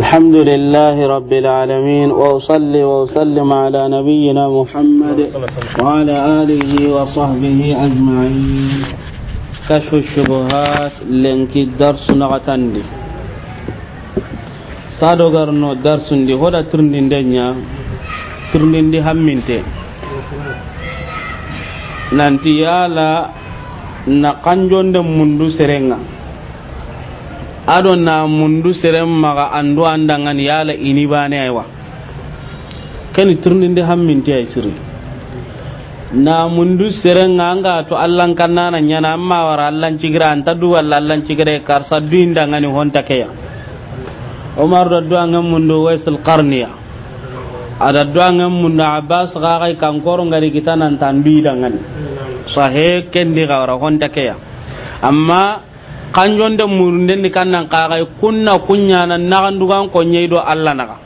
الحمد لله رب العالمين وأصلي وأسلم على نبينا محمد وعلى آله وصحبه أجمعين كشف الشبهات لنك الدرس نغتندي sado garno darsundi hoda turndinde nya turndindi hamminte nanti yala na kanjonde mundu serenga ado na mundu serem maga andu andangan yala ini bane aywa kani turnin de hammin ti sirri na mundu sereng anga to allan kanana nyana amma wara allan cigira anta du walla allan cigire kar saddu indangani honta keya umar da duwa ngam mundu waisul qarniya ada duwa ngam mundu abbas ga kai kankoro ngari kita nan tambi dangani sahe kendi ga wara honta keya amma de kanjonde ni kannan kaxay kunna kunyana naxandugan konñey do allah naga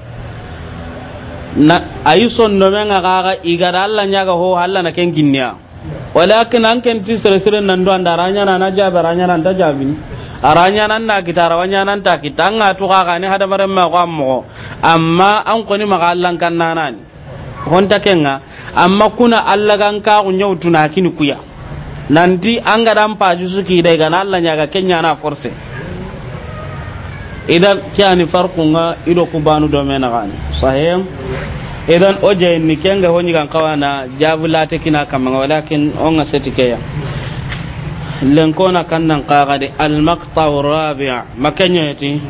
na ayi men xaxa igara allah ñaga ho allah na ken kinniya walakin an ti sere sere nan do anda aranyana baranya nan aranyana anta aranya aranyana na kita aranyana anta kita an gatu xaxa ni hadamaren ma ko an amma an ni maxa allah kan nanani honta kenga amma kuna allah gan kaxu ñawtuna kini kuya nanti an ga dan paju suki dai ga Allah nya ga kenya na force idan ni farku ga ido ku banu do mena gani sahim idan oje ni kenga honi kan kawana jabula kina kamanga walakin on ga setikeya lenkona kannan kagade almaqta rabi' yati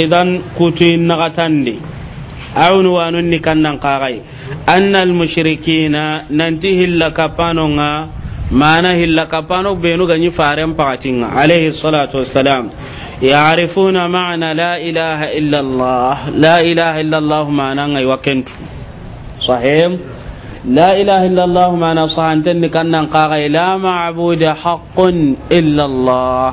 idan kutu nagatandi awnu wanun ni ka ga anna almushrikina nanti hilla kapanonga maana hilla kapano benu ganyi faren pakatinga alayhi salatu wassalam yarifuna maana la ilaha illa allah la ilaha illa allah mana ngai wakentu sahim la ilaha illa allah mana sahanten ni kannan qaga la ma'budu haqqun illa allah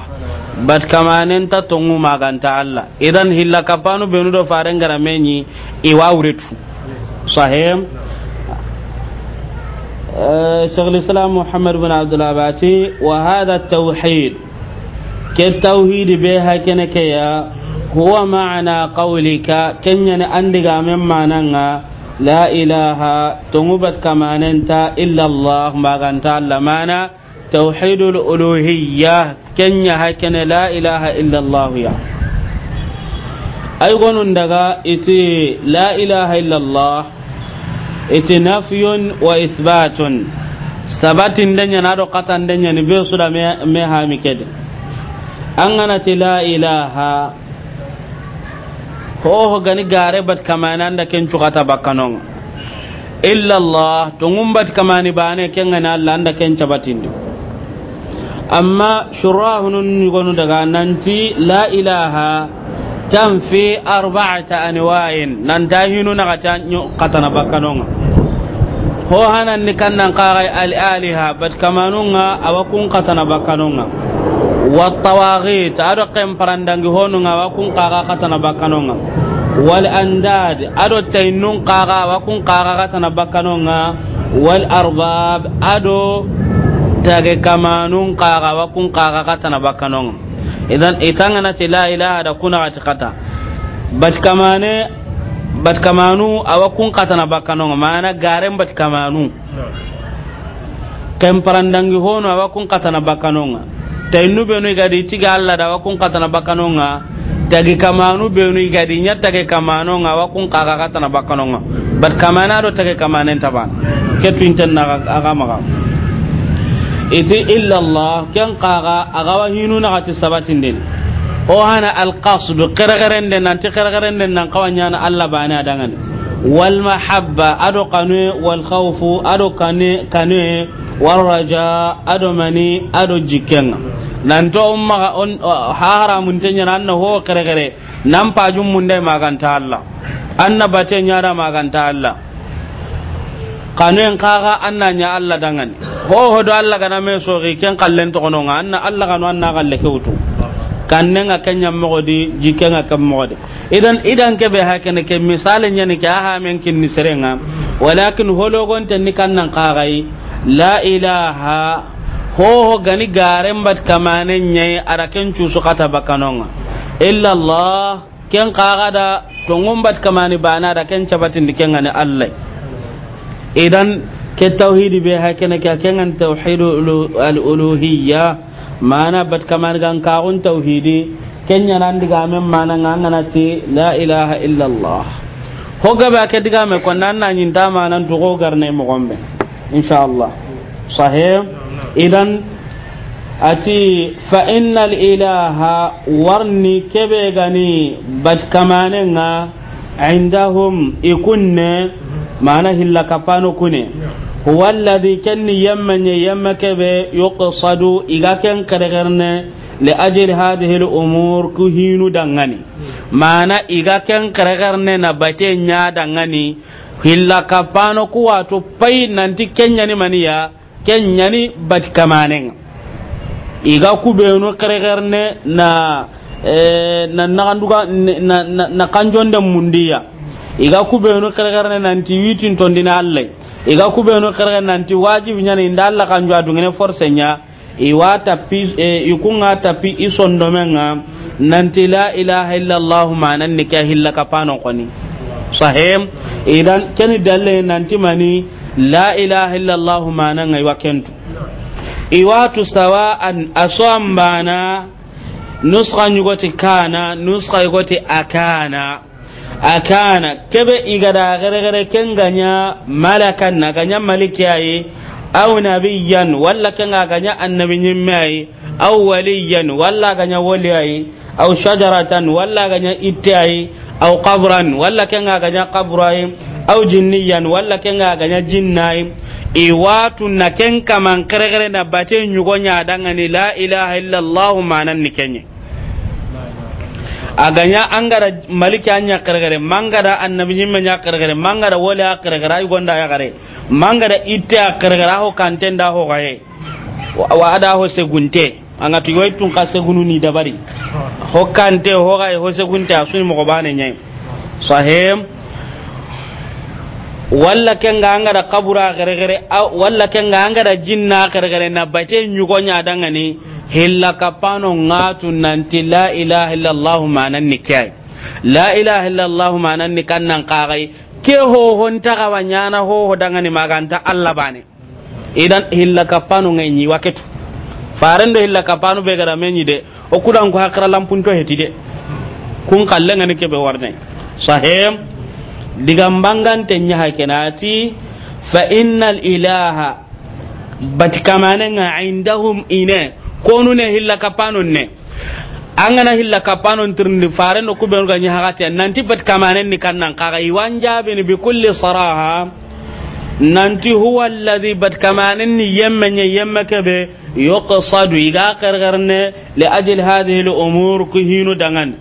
bat kamanen ta tungu maganta alla idan hilla kapano benu do faren garamenyi iwawretu sahim شيخ الاسلام محمد بن عبد العباتي وهذا التوحيد كالتوحيد بها كنكيا هو معنى قولك كنين أندق من معنى لا اله تنوبت كما انت الا الله ما كانت لمانا توحيد الالوهيه كنيا هكذا لا اله الا الله يا اي أيقون دغا إتي لا اله الا الله iti nafiyun wa ithbatun sabatin danya na do katan danya ni be suda me kede ti la ilaha ho gani gare bat kamana anda ken cukata bakanon illa allah to ngumbat kamani bane ken ngana allah anda ken cabatin amma shurahunun yugonu daga nanti la ilaha tanfi arba'ata anwa'in nan nanta na kata katana bakanonga ho hanan ni kannan qaray al aliha bat kamanunga awakun katana bakanunga wa tawagit ado qem parandangi honunga awakun qaga katana bakanunga wal andad ado tainun qaga awakun qaga katana bakanunga wal arbab ado tage kamanun qaga awakun qaga katana bakanunga idan itangana la ilaha da kuna kata bat kamane bat kamanu awa kun katana bakkanonga mana garen bat kamanu parandangi hono awa kun katana benu da awa kun katana kamanu benu nya awa kun kaka katana bat kamana do kamanen na aga maga iti illa allah ken kaka aga wa hinu na sabatin o hana alqasd qirqaren den nan ti qirqaren den nan kawanya na alla bana dangan wal mahabba ado kanu wal khawfu ado kanu kanu wal raja ado mani ado jikeng nan to umma on haramun tanya nan ho qirqare nan pajum mun dai maganta alla anna bate nyara maganta kanu en kaga anna nya Allah dangan ho ho do Allah kana me so ken kallen to kono anna alla kanu anna kalle kewtu kanne nga kanya di jike nga kam di idan idan ke be hakene ke misale nyani ke aha men kin ni serenga walakin holo gonta ni kannan qagai la ilaha ho ho gani garen bat kamane nyai araken su kata bakanonga illa allah ken qaga da to ngumbat kamani bana da ken cabatin ken ngane allah idan ke tauhidi be hakene ke ken tauhidul uluhiyyah mana bat kaman gan kaun kenya nan diga men mana ngana ti la ilaha illa allah ho ke diga me kon nan maana yin dama nan to go allah sahih idan ati fa innal ilaha warni kebe gani bat kamanen nga indahum ikunne mana hilla kapano kune huwa alladhi kanni yammanya yammake be yuqsadu iga ken karegarne li ajri hadhihi al-umur kuhinu dangani mana iga ken karegarne na bate nya dangani hilla kapano ku wato pai nanti kenya ni maniya kenyani bat kamanenga iga ku benu karegarne na eh, na naganduga na na kanjonde mundiya iga ku benu karegarne nanti witin tondina allai iga kube no karga nanti wajibi nyani inda Allah kan jwa dungene force nya i wata pi e, ikunga tapi isondomenga nanti la ilaha illa Allah ma manan nikah illa pano koni sahem idan keni dalle nanti mani la ilaha illa Allah ma manan iwa kentu iwa tu sawa'an aswambana nusra nyugoti kana nusra yugoti akana akana kebe igada gare gare ken ganya malakan na ganya malikiyayi aw nabiyyan walla ken ganya annabiyyin mai aw waliyan walla ganya waliyayi aw shajaratan walla ganya ittayi aw qabran walla ken ganya qabrayi aw jinniyan walla ken ganya jinnayi watu na ken kaman kare na bate nyugo nya ni la ilaha illallah manan ni kenye aganya angara maliki anya kargare mangara annabi nyimme nya kargare mangara wole a kargare ay gonda ya kare mangara ite a kargare ho kantenda ho gaye wa ada ho gunte anga tu yoy tun ka segunu ni dabari ho kante ho gaye ho segunte asun mo bane nyai sahem walla ga angara kabura kargare walla ga angara jinna kargare na bate nyugo nya ni hilla kapano ngatu nanti la ilaha allah manan nikai la ilaha allah manan nikan nan kai ke ho hon ta ga na ho ho ni maganta Allah bane idan hilla kapano ngai waketu faran da hilla kapano be gara menyi de o kudan ko hakra lampun to heti de kun kalle ngani ke be warne sahem digambangan tenya hakenati fa innal ilaha batkamanenga indahum ine konu ne hilla kapanon ne angana hilla kapanon tirndi farendo kuɓenu ga ñahagatiya nanti bet kamanen ni kannan kaga iwan jaɓini bi kulli saraha nanti huwa alladhi bat kamanin ni yemme nye yemme keɓe yoqsadu iga kerkerne li ajil hadihi l umur ku hinu dangani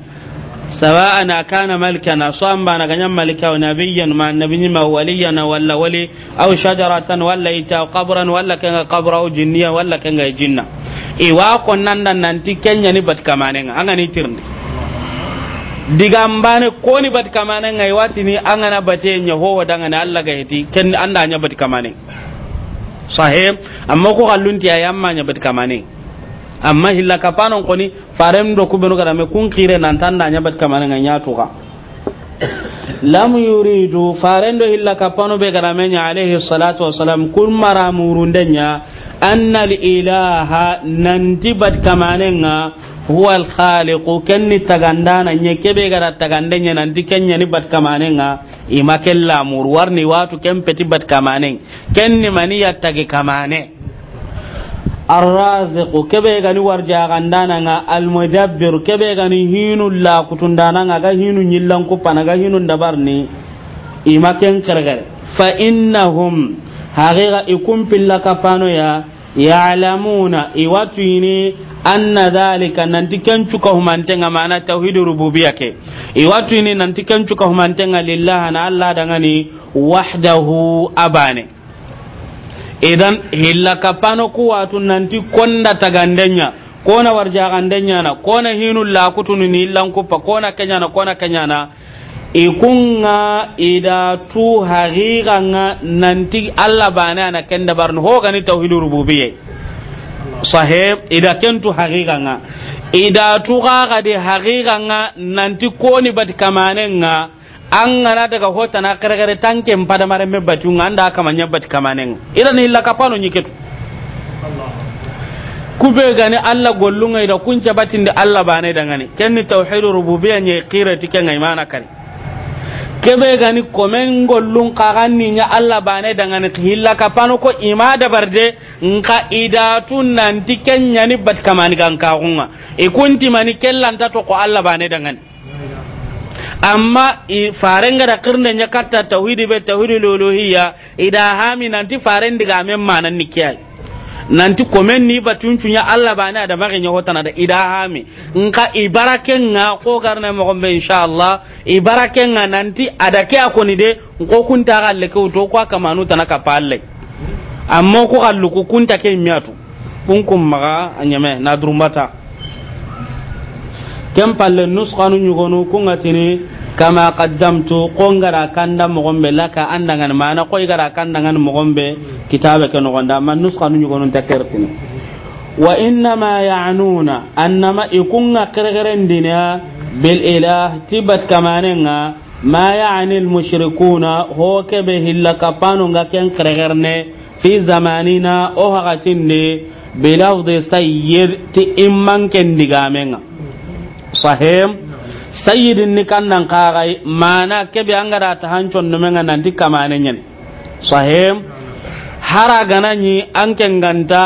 Iwa ko nan nan nan ti kenya ni bat kamane nga anga ni tirni digambane ko ni bat kamane nga iwati ni anga na bate nya ho wadanga na Allah ga heti ken anda nya bat kamane sahe amma ko ti ayamma nya bat kamane amma hilla kapanon ni farem do ko beno me kun kire nan tanda nya bat kamane nga nya tuka lam yuridu farendo hilla kapano be garame nya alaihi salatu wassalam kun mara murundenya anna ilaha nanti bat kamanenga huwa alkhaliqu kenni tagandana nye kebe gara tagande nan nanti kenya ni bat kamanenga ima kella mur warni watu ken peti bat kamanen kenni mani ya tagi kamane arraziqu kebe gani warja gandana nga almudabbir kebe gani hinu la kutundana nga ga hinu nyillan kupana ga hinu ndabarni ima ken kargare fa innahum haqiqa ikum pillaka panoya ya yalamuna iwatini anna dhalika nanti kencuka humantenga mana tauhid rububiyya ke iwatini nanti kencuka humantenga lillah na allah dangani wahdahu abane idan hilla kapano kuwatu nanti konda tagandenya kona warjagandenya na kona hinu lakutu ni illan kupa kona kenyana kona kenyana ikunga ida tu haqiqanga nanti allah bane ana kenda barno hogani tauhidu rububiyye sahib ida kentu haqiqanga ida tu gagadi haqiqanga nanti koni bati kamanenga an gana daga hotana karkare tanken padamare me batunga anda kamanya bati kamanenga ida ni hillaka pano ketu. kube gani Allah gollunga ida kunca batin da Allah bane dangane kenni tauhidur rububiyya ne qirati kenga mana kare kebe gani komen gollun kaganni nya Allah bane daga dangane hilla pano ko ima barde nka ida tun nan tiken nya ni bat kamani ka kagunga e kunti mani kellan ta to ko Allah bane daga ne amma i farenga da kirne nya katta tauhidi be tauhidul uluhiyya ida hami nanti faren diga men manan nikiyai nanti komen ni batuncunya allah bani da magi tana da ida hami nka ibarakenga ko garna mo gombe inshallah ibarakenga nanti ada ke akoni de ko kunta galle ko to ko tana ka palle amma ko kallu ku ta ke miatu kun kun maga anyame na durumbata kem palle nusqanu nyugonu kungatini kama qaddamtu qongara kanda mogombe laka andangan mana koy gara kandangan mogombe kitabe ke nogonda man nuska nu nyugonun takertin wa ma ya'nuna annama ikunga kergerendina bil ilah tibat kamanenga ma ya'ni al mushrikuna ho be hillaka panu nga ken kergerne fi zamanina o hagatinne bilawdi sayyir ti imman ken digamenga sahem sayyidin ni kannan kagai mana kebe an gada ta hancon numen nan dukkan manen nyen sahim hara gananyi an kenganta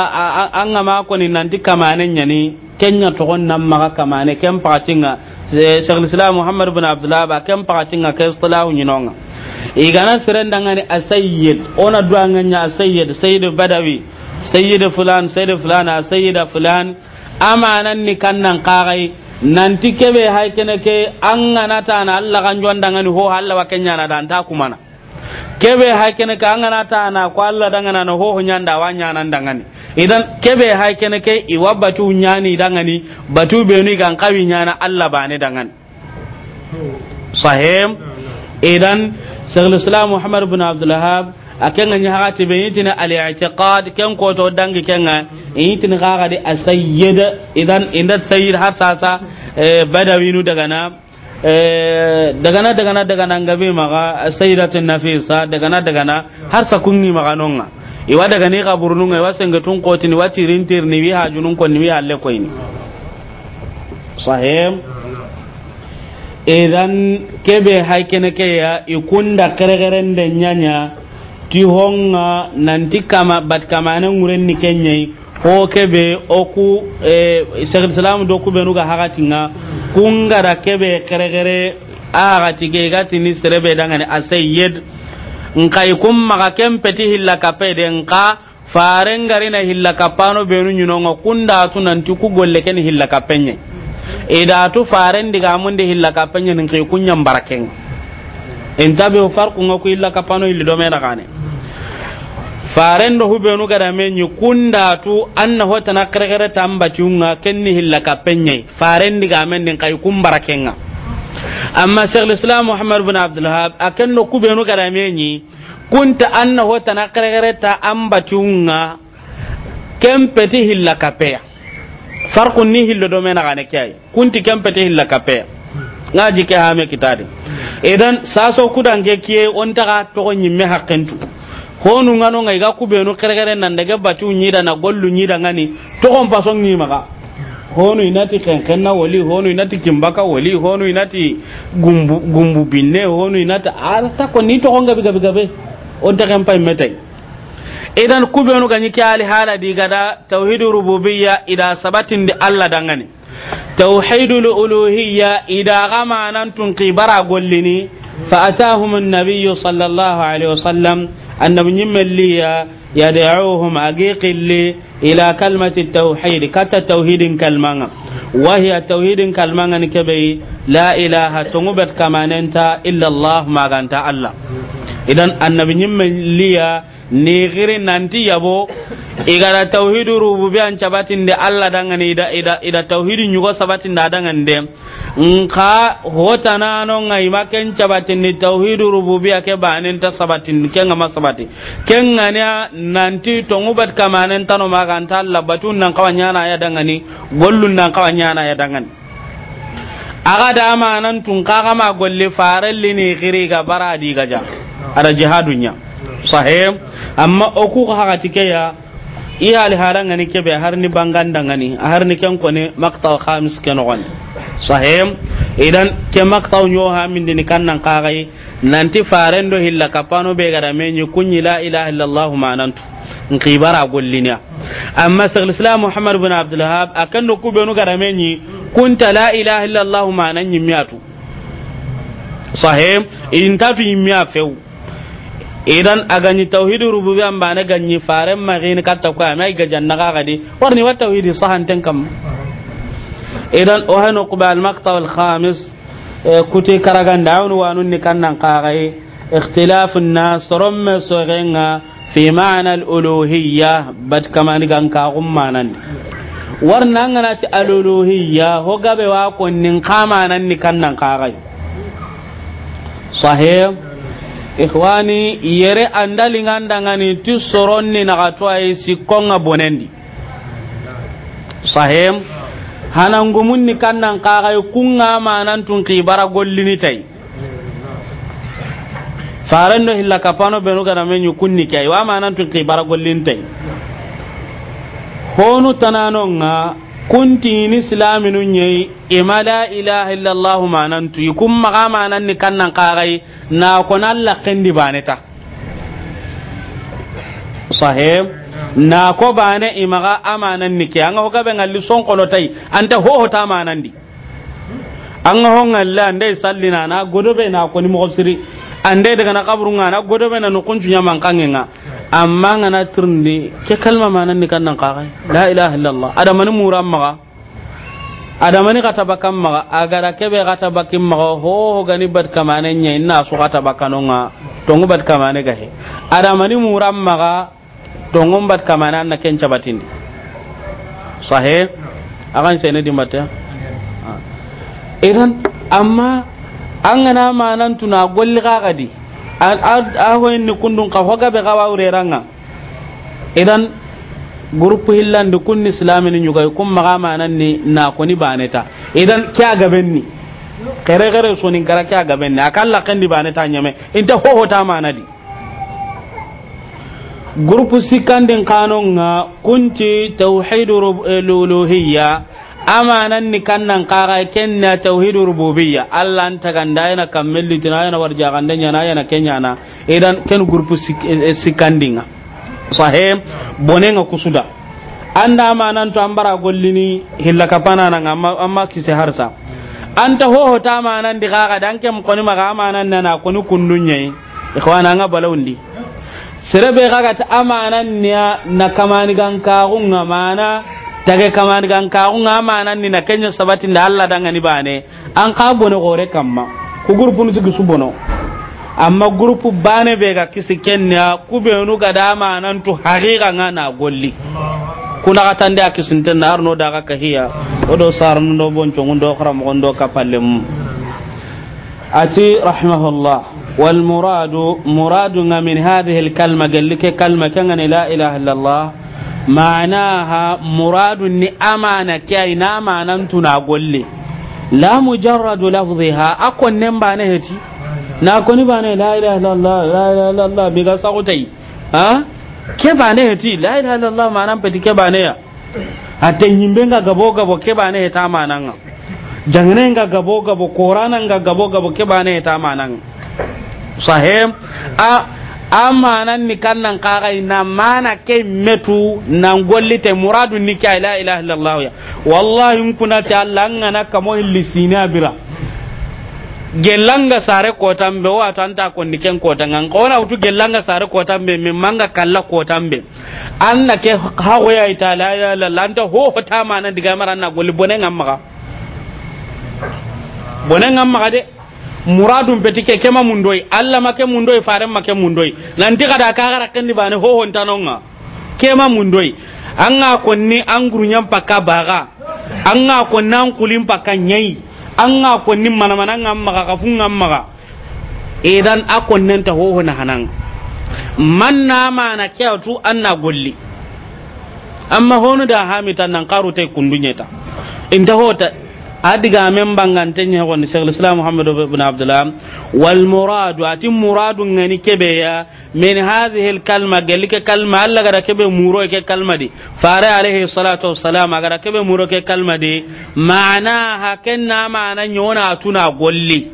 an ga ni nan dukkan manen yani kenya togon nan maka kamane ken pakatinga shaykhul islam muhammad bin abdullah ba ken patinga ke istilahu nyinonga igana siren dangane asayyid ona duanganya asayyid sayyid badawi sayyid fulan sayyid fulan sayyid fulan amanan ni kannan kagai nanti kebe hay kene ke an tana na Allah kan jon dangan ho Allah wa kenya na dan ta kumana kebe hay kene ke an tana na ko Allah dangan na ho ho nyanda wa nyana dangani idan kebe hay kene ke iwa batu nyani dangani batu be ni kan kawi nyana Allah bane dangan sahim idan Syekhul Islam Muhammad ibn Abdul Wahhab akenga nyi hakati be yitina al i'tiqad ken ko to dangi kenga yitina kaga di asayyid idan inda sayyid har sasa e, badawinu daga e, na daga na daga na daga na ngabe maga sayyidatun nafisa daga na daga na har sa kunni maga nonga iwa daga ni kaburnunga iwa sengatun kotini wati rintir ni wi hajunun ko ni wi halle ko ni sahim idan kebe haikene ke ya ikunda kare garen da nyanya ti honga nanti kama bat kamana nguren ni kenyai ho kebe oku eh, shaykhul salam do ku benuga hagatinga kungara kebe keregere agati ge gati ni serebe dangane asayyid nkai kum maga kempeti hilla de nka faren gari na hilla kapano benu nyinonga kunda tu nanti ku golle ken hilla kapenye ida tu faren diga mun de hilla kapenye nkai kunyan baraken entabe farqu ku hilla kapano ili do mena kane faren do hubenu gada kunda tu anna hota na tamba kenni faren diga men din kai kumbara kenga amma shaykhul islam muhammad bin abdul wahhab akenno kubenu gada kunta anna hota na ta amba kempeti ni hillo do gane kai kunti kempeti ngaji ke kitadi idan saso kudange kiye onta ka to nyimme hakkentu honu ngano ngai ga kubenu kere nan daga batu nyida na gollu nyida ngani to kon paso ngi maka honu inati ken na wali honu inati kimbaka wali honu inati gumbu gumbu binne honu inati alta ko ni to kon gabi gabe on ta kan pai metai idan kubenu ganyi ki ali hala di gada tauhid rububiyya ida sabatin di Allah dangane tauhidul uluhiyya ida gama nan tun qibara gollini fa atahum an sallallahu alaihi wasallam annabi nyimmelliya yad'uhum agiqilli ila kalmati tauhid kata tauhidin kalmanga wahiya tauhidin kalmanga ni kebe la ilaha tungubet kamanenta illa allah maganta allah idan annabi nyimme liya ni gire nanti yabo igara tauhidu rububiyan cabatin de allah dangane ida ida ida tauhidu nyugo sabatin da dangane de nka hota no ngai maken cabatin ni tauhidu rububiya ke banen ta sabatin ke ngama sabati ke ngania nanti tongu bat kamanen tano maganta allah batun nan kawanya na ya dangane gollun nan kawanya na ya dangane aga da amanan tun kaga ma golle faralli ne gire ga baradi di gaja ada jihadunya sahih amma oku hakati ke ya i hali harangani kebe har ni ngani har ni ken kone maqta khamis kan on sahih idan ke maktaw nyo ha min kan nan kagai nanti farendo hilla kapano be gara yu kunyi la ilaha illallah manantu nkibara gollinya amma sagal islam muhammad ibn abdul akan no ku benu gara menyi kunta la ilaha illallah manan yimmiatu sahih in tafi yimmiafeu idan aganyi tauhid rububiyya baana ganyi faran magin katta ko amai ga jannaga gadi warni wa tauhid sahanten kam idan o hanu qubal maqta al khamis e, kuti karaganda ni kannan qagai ikhtilaf an nas ramma fi ma'na al uluhiyya bat kama ni gan ka gummanan warnan ho gabe wa konnin kama nan ni kannan qagai sahih ikhwani yere andalingandangani ti soronni nagato ayi sikkonga bonendi sahem hanangumunni kannan kaxay kunga manantun gollini hilla kapano benu gollini honu tananonga kunti ni silaminu nye ima la ilaha ma nan tu kun ma nan ni kannan qarai na kon Allah kendi baneta sahib na ko bane imaga amanan ni ke ho ga ben alli son kono tai anta ho ho ta manan di an ho ngalla ande sallina na godobe na ko ni mo siri ande daga na qabru na godobe be na no kunju nyaman kangenga amma ngana turndi ke kalma manan ni kannan kakai la ilaha illallah ada mani muram maga ada mani kata bakam maga agara kebe kata bakim maga ho ho gani bat kamane nya inna su kata bakanonga tongu bat kamane gahe ada mani muram maga tongu bat kamane na kenca batindi sahe akan sene di mata ah. idan amma an gana manan tuna golli kagadi ahoyenni kundun ka hogaɓe xa wawreranga idan groupe hillandi kun ni kun ñugay kun maxa mananni nakoni baneta idan ke a gabenni xere xere sonin kara ke a gabenni a kan lakendi baneta ñame inta hohota manadi groupe sikkandin kanonga kunti tawhidu eh, luluhiyya amanan ni kannan kaga kenna tauhidur rububiyya allah anta ganda yana kammelli tuna yana warja ganda yana yana kenya na idan ken gurpu eh, eh, sikandinga sahe bonenga kusuda anda amanan to ambara gollini hilla kapana nan amma amma kise harsa anta ho ho ta amanan di kaga dan kem koni maga amanan na na koni kundunye ikhwana nga balawndi sirabe kaga ta amanan niya na kamani gan kagunga mana tage kaman gan ka unga na kenya sabatin da Allah dan an kamma ku groupe nu su bono amma groupe bane be kisi kenya ku haqiqa golli kuna ka tande a kisinte na arno da ka kahiya o do sarnu do bonco ngundo ati rahimahullah والمراد مراد من هذه الكلمة قال لك كلمة كان لا إله إلا الله ma'anaha muradun ni amana kai na manan tuna golle la mujarradu lafziha akon nan ba na heti na koni ba ne la ilaha illallah la ilaha illallah bi ga sautai ha ke ba ne heti la ilaha illallah manan peti ke ba ne ya hatta yimbe ga gabo gabo ke ba ne ta manan jangane ga gabo gabo koranan ga gabo gabo ke ba ne ta manan sahem a amma nan ni kan kannan kagai na mana ke metu nan gollite muradu ni ka la ilaha illallah ya wallahi in kuna ta Allah ngana kamo hillisina bira gelanga sare kotan be wa tan ta kon niken kotan an kona utu gelanga sare kotan be min manga kalla kotan be anna ke hawo ya ita la ilaha illallah anta ho ta mana diga maranna golli bonen amma bonen amma de muradun petike kema mundoi alla make mundoi faren make mundoi nanti kada kagara kanni bane ho hon tanonga kema mundoi anga konni nyam pakka baga anga konnan kulim pakka nyai anga konni manamana maga ka ngam maga idan nan ta ho na hanan man na mana kyautu anna golli amma honu da hamitan nan karute kundunyeta inda hota adiga men banganten ya wani shaykhul islam muhammad ibn abdullah wal muradu atim muradu ngani kebe ya min hadhihi al kalma galika kalma alla gara kebe muro ke kalma di fara alaihi salatu wassalam gara kebe muro ke kalma di ma'ana hakenna ma'ana nyona tuna golli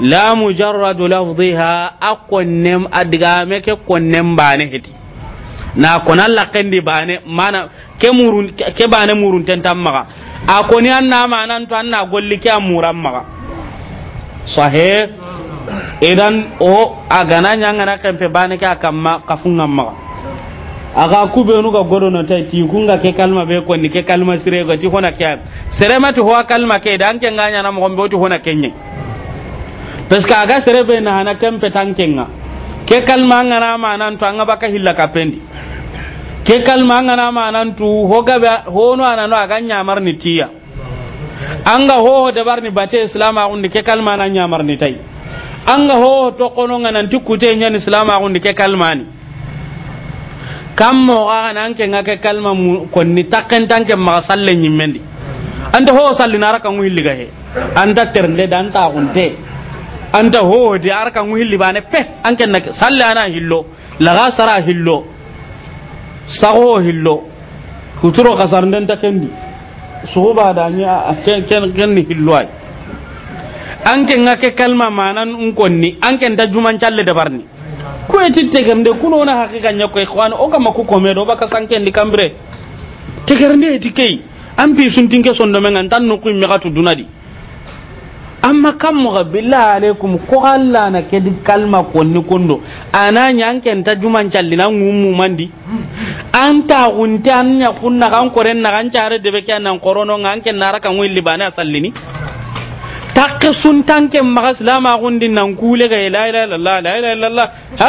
la mujarradu lafdhiha aqwannem adiga me ke konnem baane hiti na konan lakendi bane mana ke murun ke bane tan tamma a koni an na nan to an na golli ke amuran ma sahe idan o a gana nyangana kempe bane ke akamma kafunga maga aga nu ga godo na tay ti kunga ke kalma be ko ni ke kalma sire ga ti hona kya sere mati ho kalma ke dan ke nganya na mo ti hona kenye peska aga sire be na hana kempe tankenga ke kalma ngana nan to anga baka hilla pendi. ke kalma an gana manan tu ho gaba ho no anano aga nyamar ni tiya an ga ho dabar ni bate islam agun ke kalma nan nyamar ni tai an ga ho to kono nganan ti kute nyan islam agun ke kalma ni kam mo a an ke ngake kalma mu kon ni takkan tanke ma sallen mendi anta ho na raka mu hilliga he anta terle dan ta gunte anta ho di arka mu hilli pe an ken na ana hillo laga sara hillo sago hillo kuturo kasar den ta kendi su ba da ni a ken ken ni hillo ai an ken ga ke kalma manan un konni an ken da juman challe da barni ko eti gam de kuno na hakika nya ko ikhwan o ga maku ko medo ba ka san ken di kambre te tegerende eti kei an pi sun tinke son do men an tan no ku mi gatu dunadi amma kam mo billahi alaikum ko Allah na ke di kalma ni kondo ana nyanken ta juman callina ngummu mandi anta an nya kunna kan koren na kan care de be kan nan korono nganken nara kan willi bana sallini takke sun tanke maga silama gundi nan kule ga la ilaha illallah la ilaha illallah ha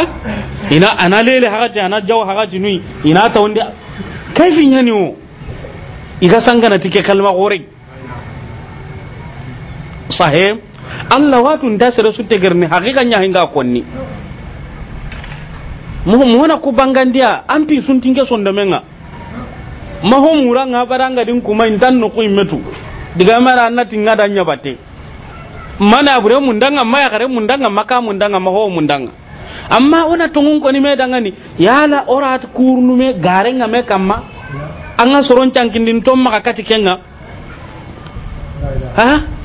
ina ana lele haga ana jaw haga nui ina ta wonde kaifi nyani o iga sangana tike kalma gore sahe allah watu nda sere sunte gerni hakika nya hinga konni muhumuna ku bangandia ampi suntinge sondomenga mahom nga baranga din kuma indan no ku imetu diga mara annati ngada nya bate mana bure mundanga maya kare mundanga maka mundanga maho mundanga amma ona tungun ko ni me ni yala orat kurnu me garenga me kamma anga soron cangkin cankindin tomma kakati kenga ha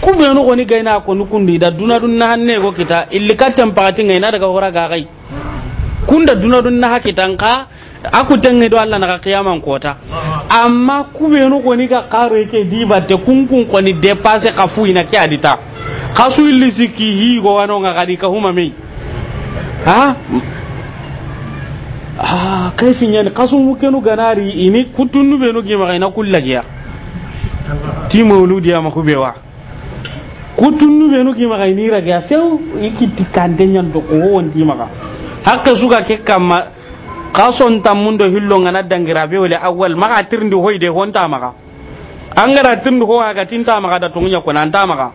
ku be no goni gaina ko nu kundi da duna dun na hanne go kita illi katam pakati daga hora ga kai kunda duna dun na hakita ka aku do Allah na kiyaman kota amma ku goni ga karo yake diba te kun ko ni dépasser ka ina ke adita kasu illi siki hi go wano ga kadi ka huma mai ha ganari ini kullagiya ti makubewa kutunnu benu ki maga ni rage a sew ikiti kandenya to ko wonti maga hakka suka ke kamma kason tammundo hillo ngana dangira be wala awwal maga tirndi hoyde honta maga angara tirndi ho aga tinta maga da tungunya ko nan ta maga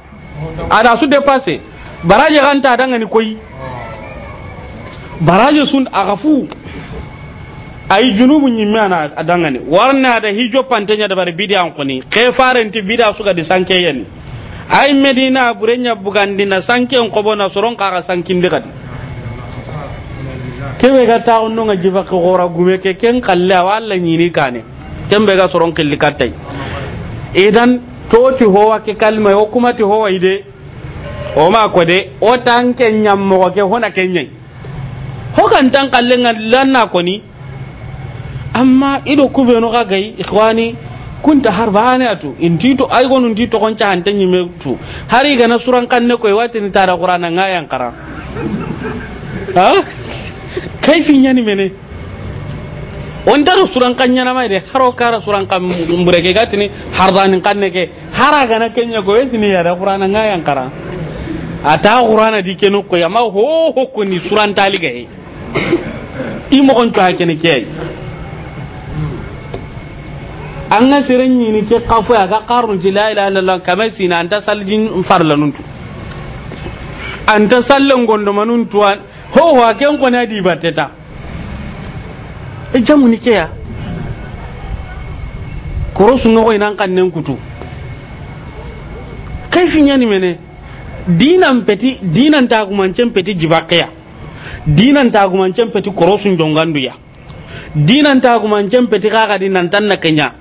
ada su dépasser baraje ganta danga ni koyi baraje sun agafu ayi junubu ñimme ana a dangani warna ada hijo pantenya dabari bidi an koni ke farenti bida suga di sanke yani ay medina burenya bugandi na sanke on ko bona soron ka sankin de ke kebe ga ta onno ngaji ba ko gora gume ke ken wala walla nyini kane kembe ga soron kelli kattai idan toti howa ke kalma o kuma ti howa ide o ma ko de o tan ken nyam mo ke hona ken nyai ho kan tan kallenga lanna ko ni amma ido kubeno ga gai ikhwani kunta har baane atu inti to ai gonu inti to kon ta tan yime tu hari gana suran kan ne koy wati ni tara qur'ana ngayan kara ha fi nyani mene on daro suran kan nyana mai de haro kara suran kan mbureke gatini kan ne ke hara gana kenya koy wetini ya da qur'ana ngayan kara ata qur'ana dikeno koy amma ho ho ko ni suran taliga e i mogon to ni kiyai an ga yi ni ke kafu ya ga karun ji la ilaha illallah kamar sina anta saljin farlanun tu anta sallan gondomanun tuwa ho wa ken ko na di bateta e jamu ni ke ya koro sun ga nan kannen kutu nya ni mene dinan peti dinan ta cin peti jibaqiya dinan ta cin peti koro sun jongandu ya dinan ta cin peti kaga dinan tan na kenya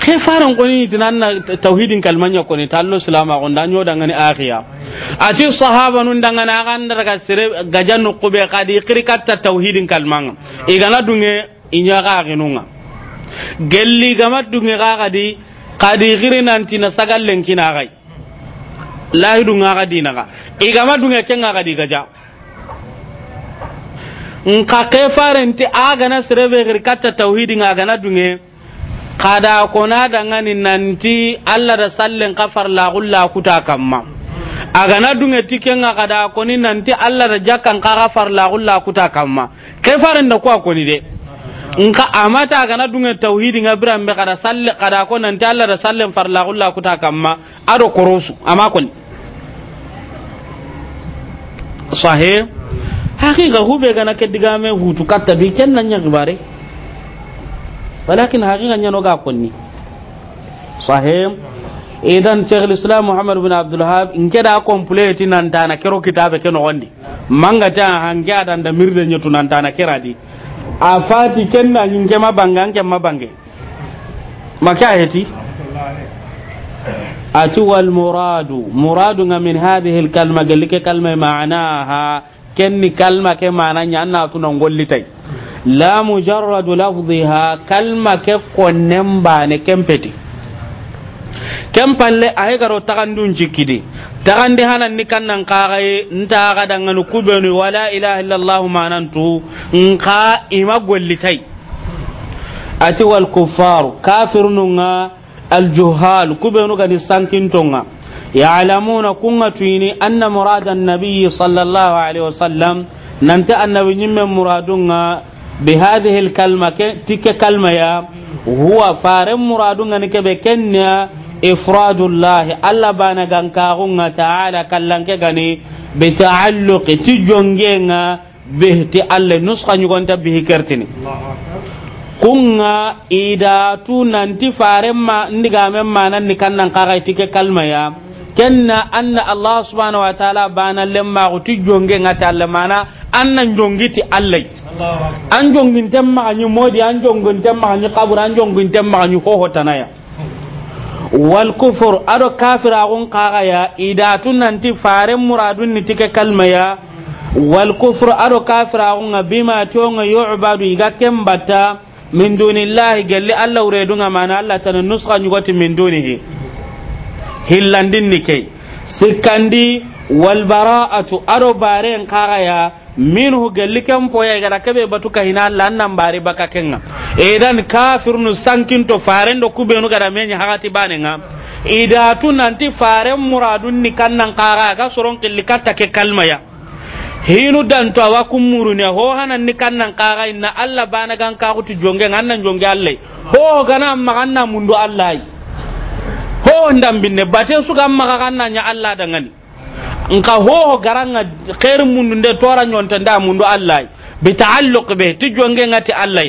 ke faran koni tinan na tauhidin kalmanya koni tallo salama on danyo dangane akhiya ati sahaba nun dangane akan daga sire gajan no kube kadi kirkata tauhidin kalmanga igana dunge inya ga ginunga gelli gamat dunge ga kadi kadi girinanti na sagal lenkina gai lahi dunga ga dinaga igama dunge kenga di gaja nka ke farenti agana sire be kirkata tauhidin agana dunge kada kona ngani nanti Allah da sallin kafar lagulla kuta kamma agana dunga tike nga kada koni nanti Allah da jakan kafar lagulla kuta kamma kai farin da kuwa koni de nka amata agana dunga tauhidin ga biran be kada salle kada ko nanti Allah da sallin far lagulla kuta kamma ado korosu amma koni sahih hakika hube gana ke digame hutu katta bi kennan ya gibare walakin haqiqa nyano ga konni idan sheikh islam muhammad bin abdul wahab inke complete nan ta na kero kitabe ke no wandi manga ta hange adan da mirde ta na a fati mabanga mabange maka heti wal muradu muradu nga min hadhihi al kalma galike kalma ma'anaha kalma ke tunan gollitai la mujarradu lafdhiha kalma ke konnen bane kempeti kem palle ahe garo tagandun cikkidi tagandi hanan ni kannan kagaye nta aga dangani kubenu wala ilaha illallah manantu nka ima gollitai ati wal kuffaru kafirnunga aljuhal kubenu gani sankintonga يعلمون كنا تويني أن مراد النبي صلى الله عليه وسلم ننتأ النبي من مرادنا bihaa bihil kalma ke tike kalmayaa huwa faare muraadu ke kabe kenyaa ifira dullahi allah baana gan kaaruu nga ke gani betee alluqi tijjoon gee nga bihi ti allee nusra nyukkote bihi kertini kun nga ciidaa tuunanti faare ma ndigam maanaan ni kan naan qaaraye tike kalmayaa. kenna anna allah subhanahu wa ta'ala bana lemma ko jonge ngata alla mana anna jongiti allai an jongin tamma ni modi an jongin tamma ni qabur an jongin tamma ni ho tanaya. wal kufur ado kafira gon qaga ya idatun nanti fare muradun ni tike kalma ya wal kufur ado kafira gon bima ngi yu'badu iga kembata min dunillahi galli allah uredunga mana allah tan nuskha nyugoti min dunihi hillandin ni kei sikkandi walbara'atu ado kaga ya minhu galli ken poya gara kebe batu ka hina Allah annan bare baka kenga idan kafir nu sankin to faren do kubenu gara menya hakati banenga tu nanti faren muradun nikan nan kaga ga soron kilikata ke kalma kalmaya hinu dan to awa kumurune ho hanan nikan nan kaga inna alla bana gan ka kuti jonge nan jonge alle ho gana maganna mundu Allah ho ndam binne bate su gam maka kanna nya Allah da ngani nka ho ho garanga khair mundu de tora nyonta nda mundu Allah bi ta'alluq be ti jonge ngati Allah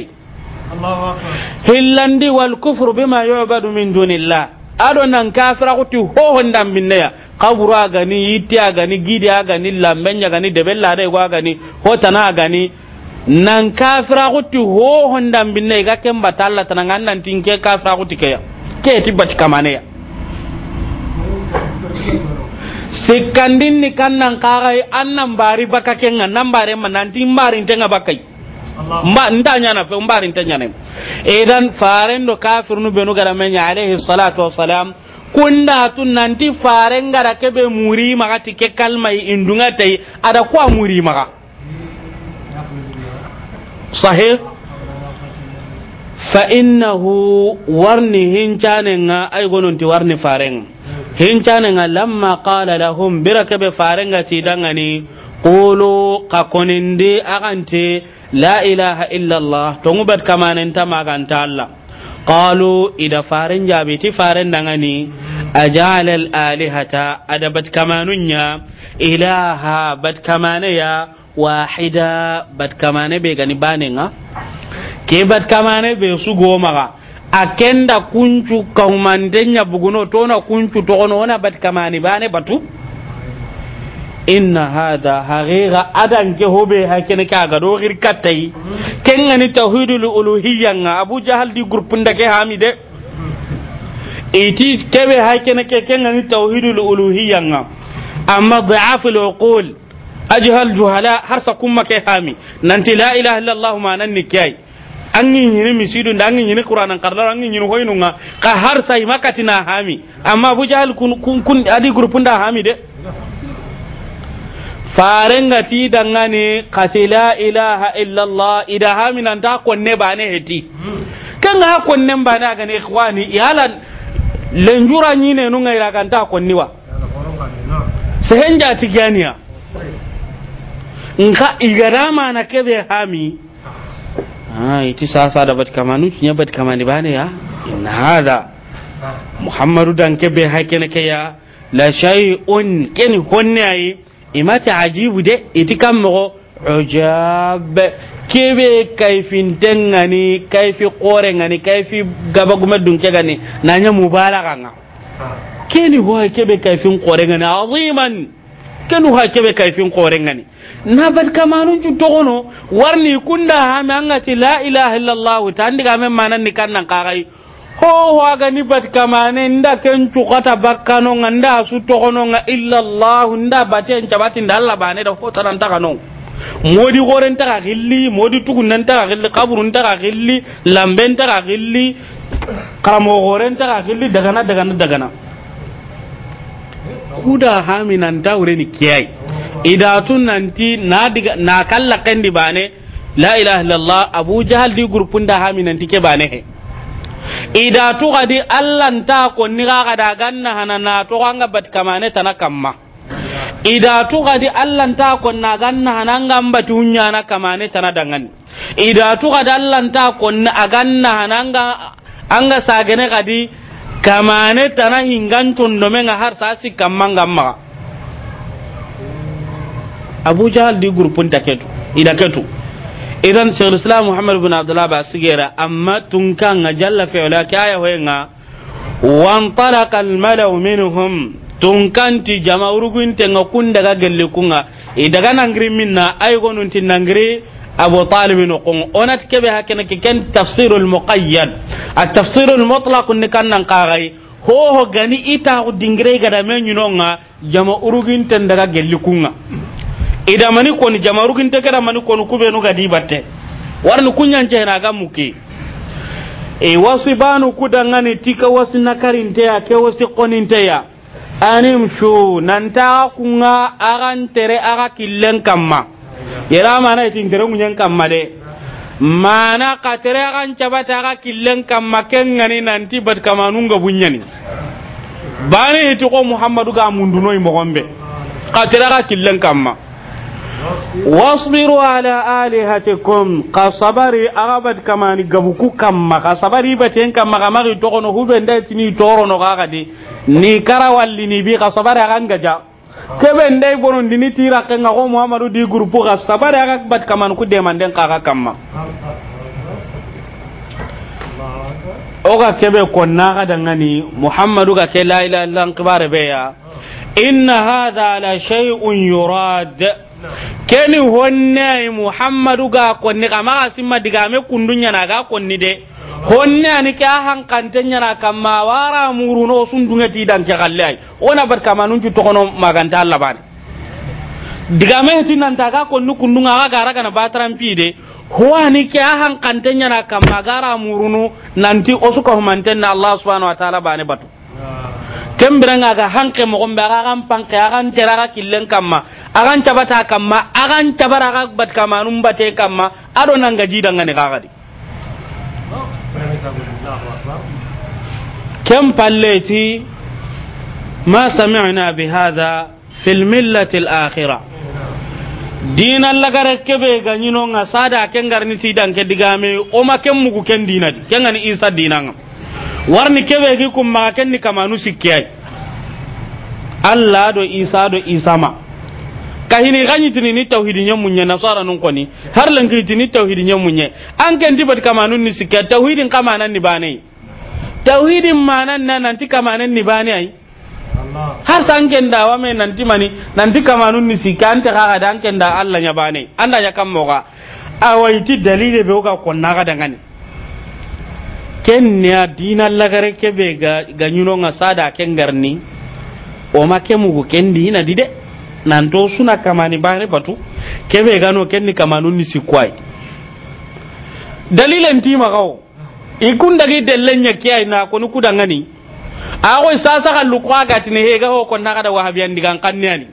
hillandi wal kufr bima yu'badu min dunillah ado nan kafira kuti ho ho ndam binne ya kaburu yiti a gani gidi agani lambenya gani debella de agani ho tana gani nan kafira kuti ho ho ndam binne ga kemba talla tananga nan tinke kafira kuti ke ya ke ti bat kamane ya sikkandin ni kannan kagai annan bari baka kenga nan bare man nan tin bari tenga bakai mba nda fe mbari tenya ne idan faren do kafir nu benu gara men alaihi salatu wassalam kunda tun nan ti faren gara kebe muri maga ti ke kalmai indunga tai ada kwa muri maga hmm. sahih fa innahu warni nga ay ti warni farenga nga lamma qala lahum birakebe farenga tidangani qulu ka konindi agante la ilaha illa allah ngubat bet kamanenta maganta allah qalu ida faren jabi ti faren dangani ajal al alihata ada kamanunya ilaha bat ya wahida bat kamane be gani banenga ke bat kamane be su goma ga akenda kuncu kahumandenya buguno tona kuncu ona ona bat kamane bane batu inna hada hagira adan ke hobe hakene ka ga do gir katai ken ngani tauhidul uluhiyya nga abu jahal di group ndake hamide iti kebe hakene ke ken ngani tauhidul uluhiyya nga amma dha'aful uqul ajhal juhala harsa kumma ke hami nanti la ilaha illallah ma nan ni kai angi nyini misidu nda angi nyini qur'anan qarlar angi nyini hoynunga ka har sai makati na hami amma bu jahil kun kun, kun adi grupun da hami de farenga ti dangane ce la ilaha illa allah ida hami nan ta konne bane heti kan ha konne bane ga ne ikhwani ihalan lenjura nyine nunga ira kan ta konniwa sehenja tigania nka igarama na kebe hami ha ah, sasa da bat kama nu nya bat kama ni bane ya in hada muhammadu dan ke be hakene ke ya la shayi shay'un ken honne ay imati ajibu de iti kam mo ujab kebe kaifin tengani kaifi kore ngani kaifi gaba guma dun gani nanya mubalaga nga ah. keni huwa kebe kaifi nkore ngani aziman kenu ha kebe kaifin korengani na bal kamanun ju togono warni kunda ha me angati la ilaha illallah ta andi ga men manan ni kannan kagai ho ho aga ni bat kamane nda ken cu kata bakkano nda su togono nga illallah nda baten cabati nda Allah bane da ho tanan takano modi goren ta gilli modi tukun nan ta gilli kaburun ta gilli lamben ta gilli karamo goren ta gilli dagana dagana dagana kuda haminan ta wure ni kiyai nan nanti na diga na kalla kandi bane la ilaha illallah abu jahal di gurpun da haminan ke bane he tu gadi allan ta ko ni ga ga dagan na hanana to ga bat kamane tana kamma tu gadi allan ta ko na ganna hananga mbatu nya na kamane tana dangan tu gadi allan ta ko na ganna hananga anga sagene gadi kamane tana hingan condome nga har sa si kamman gamma abu jahal di gurpun ta ketu ida ketu idan shaykhul islam muhammad ibn abdullah ba sigera amma tun kan nga jalla fi'la kaya hoyenga wan talaqa al malau minhum tun kanti jama'urugun te nga kun daga gelle kunga idaga nangri minna ay gonun tin nangri abu talib no kon onat kebe hakene ke ken tafsirul muqayyad at tafsirul mutlaq ni kannan qarai ho ho gani ita ku dingre ga jama urugin tan daga gellikunga ida mani jama urugin te kada mani kon kube no batte warni ga muke ke anim nan tere killen kamma yera mana itin tere munyen kamma de mana katere kan cabata ka killen kamma ken ngani nanti bad bunyani bani ko muhammadu ga mundunoy mogombe katere ka killen kamma wasbiru ala alihatikum ka sabari arabat kamani gabuku kamma ka sabari baten kamma ka mari hubenda tini ni ni bi ka sabari gaja keben dai bonon dini tira ke nga ko muhammadu di groupe ga sabare aga bat kaman ku manden ka kamma o ga kebe konna ga dangani muhammadu ga ke la ilaha illa kibare be ya inna hadha la shay'un yurad keni honne muhammadu ga konni kama asimma digame kundunya na ga konni de honne ani ke han kantenya na kamma wara muruno sun dunga ti dan ke gallai ona bar kamanun ju to kono maganta Allah bani diga me tin nan daga ko nu kundunga ga gara kana batran pide ho ani ke han kantenya na kamma gara muruno nanti osuka humanten na Allah subhanahu wa ta'ala bani batu kembiranga ga hanke mogon be agan panke agan teraga killen kamma agan cabata kamma agan cabara ga bat kamanum bate kamma ado nanga jidanga ne gadi كم فليتي ما سمعنا بهذا في الملة الآخرة دين الله غرك به غنينو غسادا كن غرني تي دان كدغامي او ما كن مغو كن دينا كن غني عيسى دينا warni kebe gi kum ma kenni kamanu sikkiyai allah do isa do isama kahini ganyi tini ni tauhidi nyam munye nasara nun koni har lanki tini tauhidi nyam nye an kan dibat kamanun ni sikka tauhidin kamanan ni bane tauhidin manan nan nanti kamanan ni bane ai har san ken da wa men nanti mani nanti kamanun ni sikka an ta ga dan ken da Allah nya bane anda ya kam moga awaiti dalile be ga konna ga dangane ken ne adina lagare ke be ga ganyuno nga sada ken garni o ma ke ken di na dide nan to suna kamani bare batu kebe gano kenni kamanun ni sikwai dalilan ti magaw ikun dagi dellen nya kiyai na ko nuku dangani awo sasa kallu kwa gatine hega ho ko naga da wahabiyan digan kanniani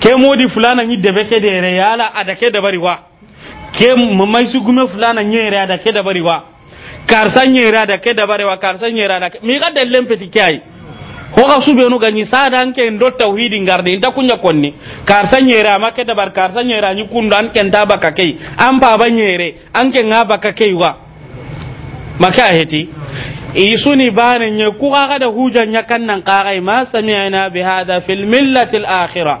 ke modi fulana ni debe ke de re yala ada ke da bari wa ke mai su gume fulana ni re ada ke da bari wa karsan ni re ada ke da bari wa karsan ni re ada mi ga dellen peti kiyai ko ga su benu ganyi sada anke ndo tauhidin garde inta kunya konni karsa nyere amake da bar karsa nyere anyi kundu anke nda baka kai an baba nyere anke nga baka kai wa maka heti isuni bane nye ku ga da hujan nyakan nan qarai ma na bi hada fil millati al akhirah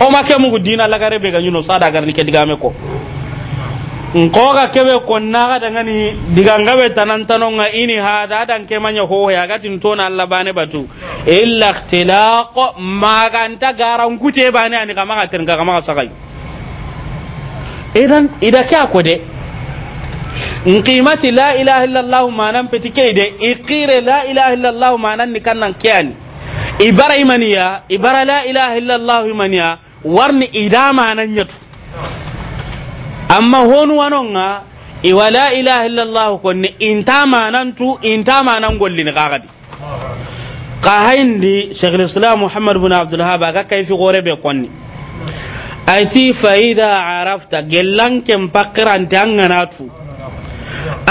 ho make mu dina lagare be ganyu no sada garni ke digame ko nkoga kebe diga dangani digangabe tanantanonga ini hada ho ya ga tin tona allah bane batu illa ikhtilaq maganta garan kute bane ani kama ka tenka kama ka sakai idan ida kya ko de qimati la ilaha illa allah nan fitike de iqire la ilaha illa allah manan nikannan kyani ibara imaniya ibara la ilaha illa allah imaniya warni idama nan yatu amma honu wanonga iwa la ilaha illallah konni inta manantu inta manan ne gagadi ka haindi shaykhul islam muhammad bin ga kai fi gore be konni ayti fa ida arafta gellanken pakirante an tu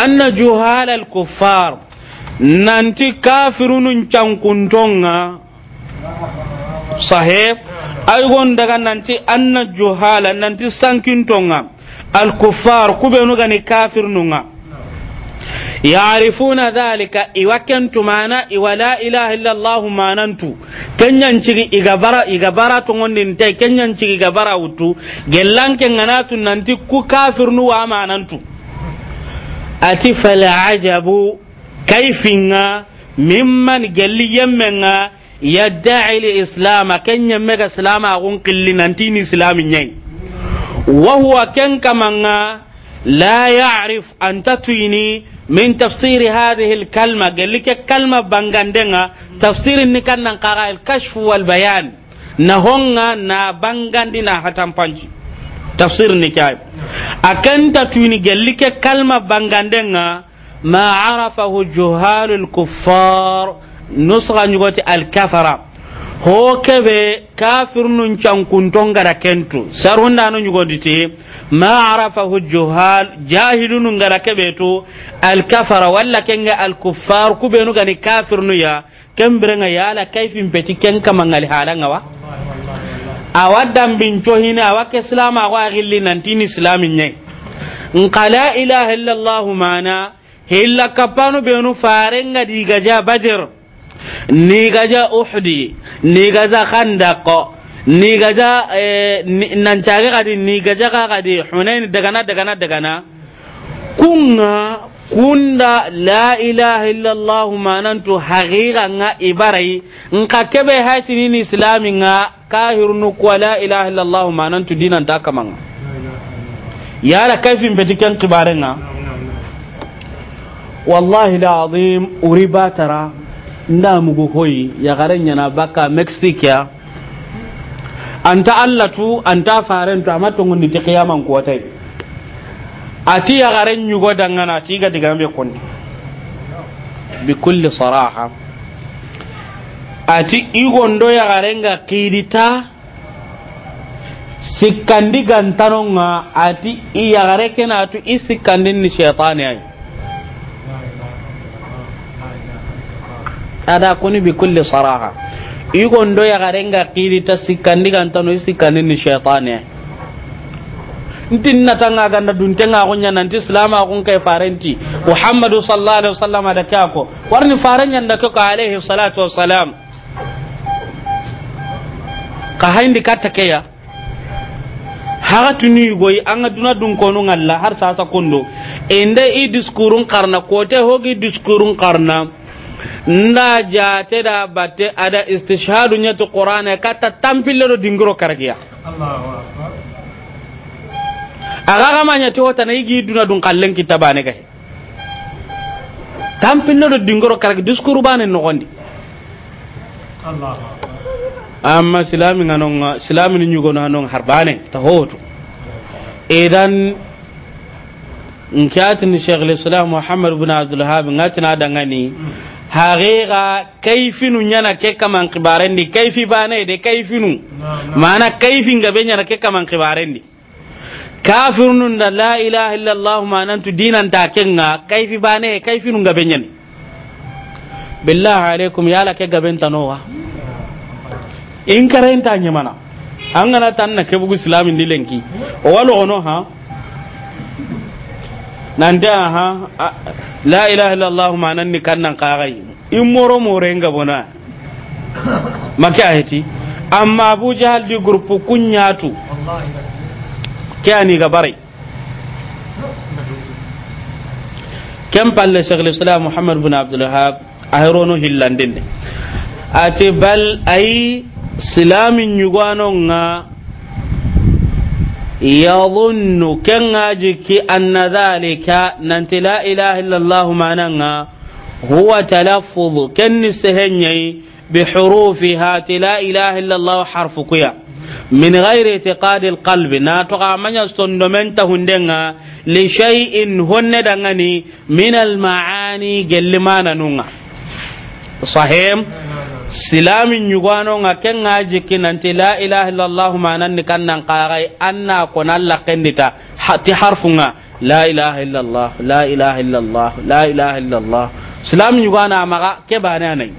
anna al alkuffar nanti kafirunun cankuntonga sahe gon daga nanti anna juhala nanti sankintonga alkufar kube kubenu gani kafir nunga yarifuna dhalika iwakentu mana iwa la ilaha illa allah manantu kenyan cigi igabara igabara to ngondin tay kenyan cigi igabara wutu gellanke nganatu nanti ku kafir nu wa manantu ati fala ajabu kaifinga mimman gelli yemmenga yadda'i al-islam kenyan mega islam agun qillin antini islamin nyai wa huwa ken kamanga la ya'rif an tatwini min tafsir hadhihi kalma galike kalma bangandenga tafsir ni kannan qara al kashf wal bayan na na bangandi na hatan panji tafsir ni kai akan tatwini galike kalma bangandenga ma arafahu juhalul kuffar nusra nyugoti al kafir nun cankunton gara kentu sarunda nu nyugonditi ma arafahu juhal jahilu nun gara kebetu al kafara walla kenga al kubenu gani kafir nu ya ya yala kaifin peti ken kamangal halanga wa awa dambinco hine awa ke silama awa gilli nantini islamin nye nka la ilaha illallah mana hilla kapanu benu farenga gaja bajir ni gaja uhdi ni gaja khandaq ni gaja eh, nan caga kadi ni gaja ka kadi hunain dagana dagana dagana kunga kunda la ilaha illallah manantu haqiqa nga ibarai nka kebe hatini ni islami nga kahirnu kwa la ilaha illallah manantu dinan ta kamanga yala kaifin betikan kibare nga wallahi la azim uriba tara nda mugu hoyi ya garen yana baka mexique anta allatu anta faren tu amma ngundi ti qiyaman ko tay ati ya garen nyugo dangana ti ga diga be kon bi kulli saraha ati igondo ya garen ga qidita sikkandi gantanonga ati iyagare kenatu i isikandi ni shaytani ay Adaa kuni bi kulli saraha igon do ya garenga qili ta sikandi kan tanu sikandi ni shaytane ntin na tanga ganda dun tanga gonya nan ti islama kun e kai farenti muhammadu sallallahu alaihi wasallam da kako warni farenya da kako alaihi salatu wassalam ka haindi katta keya haga tuni goyi anga ga duna dun kono ngalla har sasa kondo inde i diskurun karna kote hogi diskurun karna nda jate da batte ada istishhadu nyatu qur'ana kata tampil do dingro karagiya akbar aga gamanya to ta nayi giduna dun kallen kitabane kai tampil do dingro karagi diskuru bane no gondi akbar amma silami nganon silami ni nyugo nanon harbane ta hoto idan in kyatin Sheikh Islam Muhammad ibn Abdul Wahhab ngatin adangani mm. haqiqa kayfinu nyana ke kaman kibarendi kayfi bane de kayfinu mana kayfi ngabe nyana ke kaman kibarendi kafirun da la ilaha illa allah manantu dinan ta kenga kayfi bane kayfinu ngabe nyani billahi alaikum yala ke gaben tanowa in karenta nyamana an gana tan na ke bugu islamin dilenki o walo ono ha nan da ha la ilaha illallah manan ni kannan qarai in moro more nga bona maki ahiti amma abu jahal di groupe kunyatu kani ga bare kem palle shaykhul islam muhammad bin abdul wahhab ahrono hillandin ati bal ay silamin yugano nga yadhunnu kan ajiki anna dhalika nan la ilaha illa allah mananga huwa talaffuz kan nisahnyai bi hurufi hati la ilaha illa allah harfu kuya min ghairi i'tiqad alqalb na to amanya sondomenta hundenga li shay'in hunne dangani min almaani gelmana nunga sahim silamin yugano nga ken nga jikki nanti la ilaha illallah manan ni kan nan qarai anna ko nan la kendita hati harfunga la ilaha illallah la ilaha illallah la ilaha illallah silamin yugana maga ke bana nai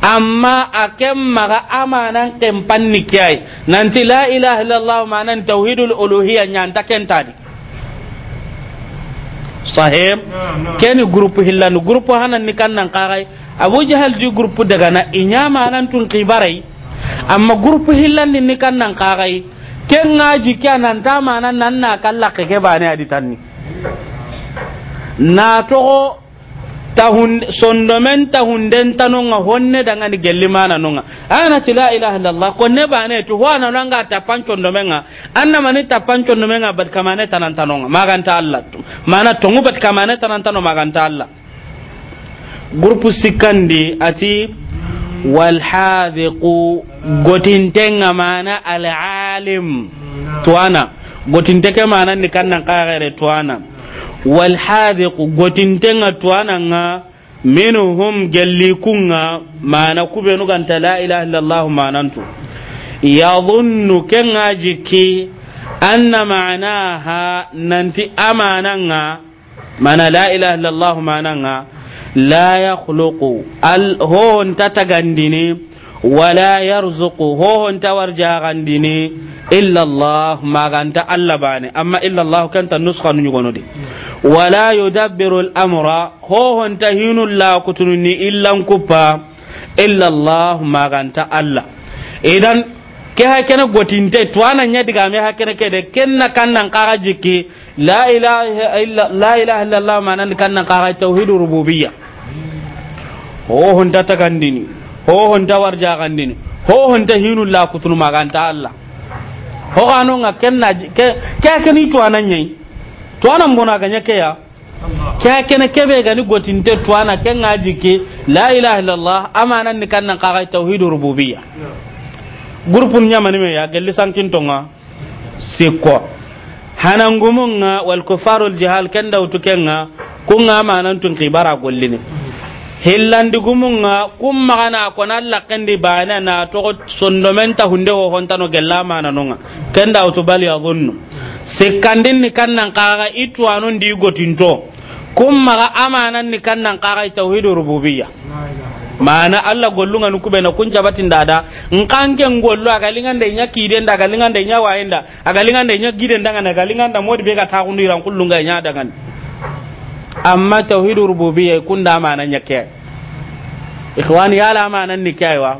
amma akem maga amanan kempan ni kiyai nanti la ilaha illallah manan tauhidul uluhiyya nyanta kentadi sahib keni groupe hillani groupe hanan ni kan nan karay abu jahal ji groupe daga na inya manan tun kibarai amma gurupu hillan ni kan nan kagai ken ngaji kya nan ta manan nan na kalla ke ne adi tanni na togo sondomen tahunden tanonga honne dangani gelli mana nonga ana ti la ilaha illallah ba ne to wana ta pancho ndomenga anna mani pancho ndomenga bad kamane tanan tanonga maganta allah mana tongu bad kamane tanan tano maganta allah gurpu sikandi ati walhadiqu gotintenga mana alalim tuwana gotinteke mana ni kannan kagere tuwana walhadiqu gotintenga tuwana nga minhum gallikunga mana kubenu ganta la ilaha illallah manantu yadhunnu kenga jiki anna ma'naha nanti amananga mana la ilaha illallah mananga la yakhluqu al hon tatagandini wala yarzuqu hohon tawarjagandini illa allah maganta allah bane amma illa allah kanta nuskanu ñugonodi wala yudabbiru al-amra hohon tahinu la kutununi illan kuppa illa allah maganta allah idan ke ha kene gotinte tuwana nya diga hake ha kene kede kenna kannan kaga la ilaha illa la ilaha illa allah manan kannan qara tauhid rububiyya ho hon ta takandini ho hon ta warja kandini ho hon ta hinu la kutun maganta allah ho kanu nga na ke ke ke ni to anan nyai to anan bona ganya ke ya ke ke ne kebe gani gotinte to anan ken ngaji ke la ilaha illa allah amanan kannan qara tauhid rububiyya gurpun nyamani me ya gelli sankin tonga sikko hanangumunga wal kufarul jahal kenda utukenga kunga manan tun kibara gollini hillandi gumunga kun magana ko na laqandi bana na to sondomenta hunde ho hontano gella mananonga kenda utubali bal yadhunnu sikkandin ni nan kaga itu anun di gotinto kun maga amanan ni nan kaga tauhidur rububiyya mana allah gollunga nu na kun batin dada nkanke ngollu aga nda nya kiden daga nda nya waenda aga nda nya giden ngana daga nda modi be ka ta kunu ran kullunga nya daga amma tauhidur rububiyya kun da mana nya ke ikhwani ya la mana ni wa?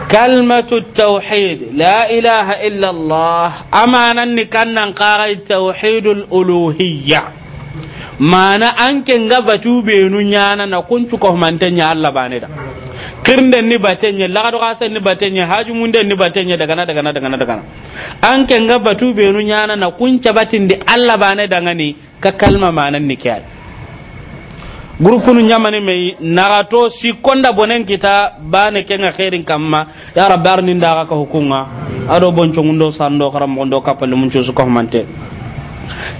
كلمة التوحيد la ilaha illa allah أمانا كنا qara tauhidul uluhiyya mana anke nga batu benu nyana na kuncu ko mante nya Allah bane da kirnde ni batenye lagado kasa ni batenye haju munde ni batenye daga na daga na daga na daga an anke nga batu benu nyana na kunca di Allah bane da ngani ka kalma manan ni kyai groupe nu nyamani mai narato si konda bonen kita bane kenga khairin kamma ya rabbar ni ndaga ka hukunga ado boncho ngundo sando karam ngondo kapal mun cusu ko mante